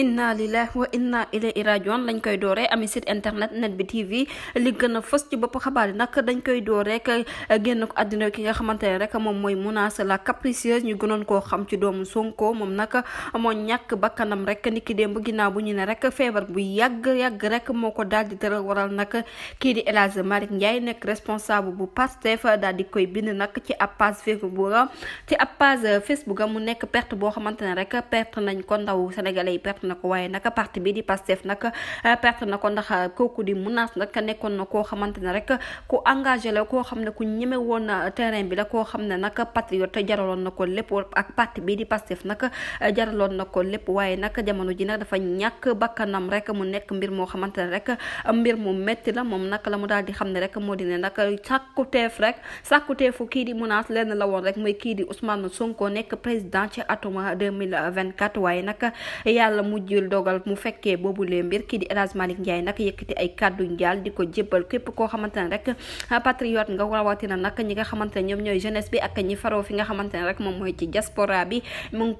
inna lillahi wa inna ilayhi lañ koy dooree ami site internet net bi tv li gën a fës ci bopp xabaar yi nag dañ koy door rek génn ko àddina ki nga xamante ne rek moom mooy Mounass la capricieuse ñu gënoon koo xam ci doomu Sonko moom nag moo ñàkk bakkanam rek ni ki démb ginnaaw bu ñu ne rek feebar bu yàgg yàgg rek moo ko daal di tëral waral nag kii di El Hadji Malick nekk responsable bu Pastef dal di koy bind nag ci ab page Facebook ci ab page mu nekk perte boo xamante ne rek perte nañ ko ndaw sénégalais yi perte na ko waaye nag parti bi di Pastef nag euh, perte na ko ndax euh, kooku di menace nag nekkoon na koo xamante ne rek ku engagé la koo xam ne ku ñeme woon euh, terrain bi la koo xam ne nag patriote jaraloon na ko lépp ak parti bi di Pastef nag jaraloon na ko lépp waaye nag jamono ji nag dafa ñàkk bakkanam rek mu nekk mbir moo xamante ne rek mbir mu métti la moom nag la mu daal di xam ne rek moo di ne nag sàkkuteef rek sàkkuteefu kii di menace lenn la woon rek mooy kii di Ousmane Sonko nekk président ci atum 2024 waaye nag yàlla mujjul dogal mu fekkee boobu ko jébbal képp koo xamante ne rek ah, patriote nga rawatina nag ñi nga xamante ne ñoom ñooy jeunesse bi ak ñi faroo fi nga xamante ne rek moom ngi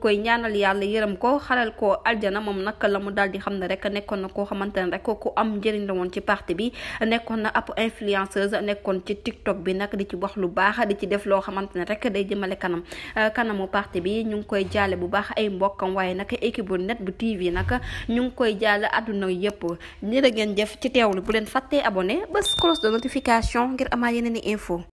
koy ñaanal yàlla yërëm ko xaral ko aljana moom nag la mu daal di xam ne rek nekkoon na koo xamante ne rek ku am njëriñ la woon ci parti bi nekkoon na ab influenceuse nekkoon ci TikTok bi nag di ci wax lu baax di ci def loo xamante ne rek day jëmale kanam ah, kanamu parti bi ñu ngi koy jaale bu baax ay mbokkam waaye nag équipe bu net bu TV TV nag ñu ngi koy jàll àdduna yëpp ni la ngeen jëf ci teewlu bu leen fàttee abonné bés cloche de notification ngir amaa yeneen info